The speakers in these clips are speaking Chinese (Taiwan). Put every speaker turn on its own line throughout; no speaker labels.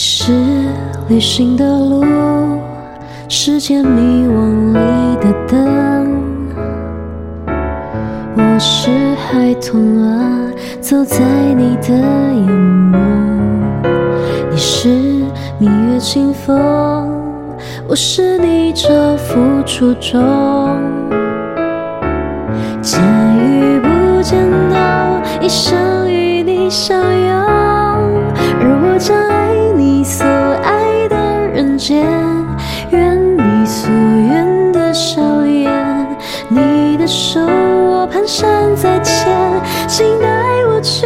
你是旅行的路，世間迷惘裡的燈。我是孩童啊，走在你的眼眸。你是明月清風，我是你照拂初衷。見與不見都一生與你相擁，而我將。手我蹣跚在牽，請帶我去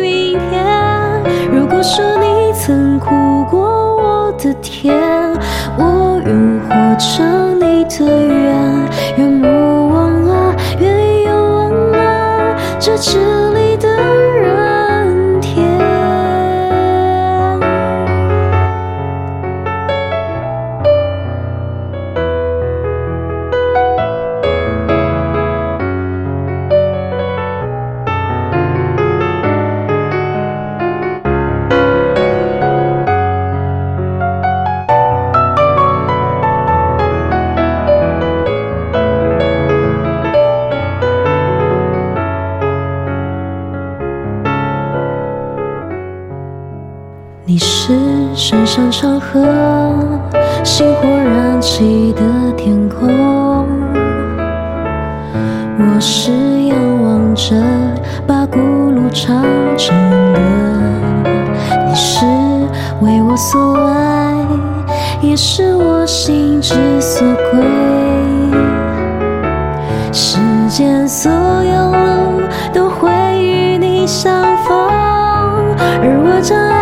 明天。如果說你曾苦過我的甜，我願活成你的願，願不枉啊，願勇往啊，這。你是聖山長河，星火燃起的天空。我是仰望者，把古魯唱成歌。你是為我所愛，也是我心之所歸。世間所有路都會與你相逢，而我將。愛。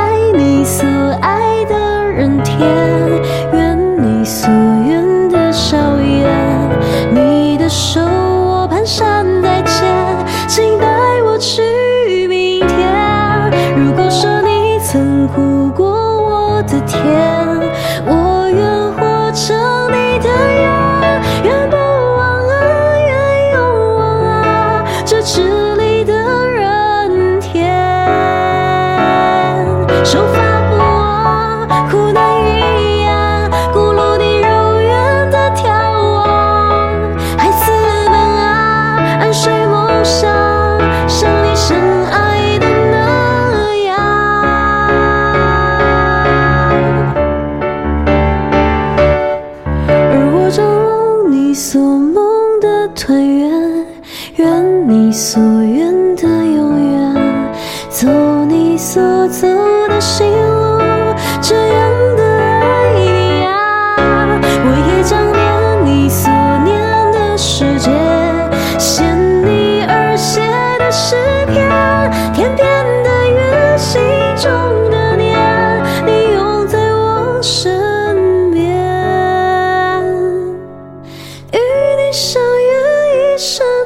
而我將夢你所夢的團圓，願你所願的永遠，走你所走的行路。